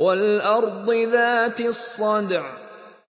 والأرض ذات الصدع